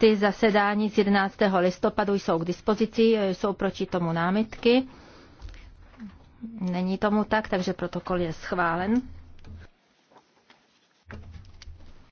texty zasedání z 11. listopadu jsou k dispozici, jsou proti tomu námitky. Není tomu tak, takže protokol je schválen.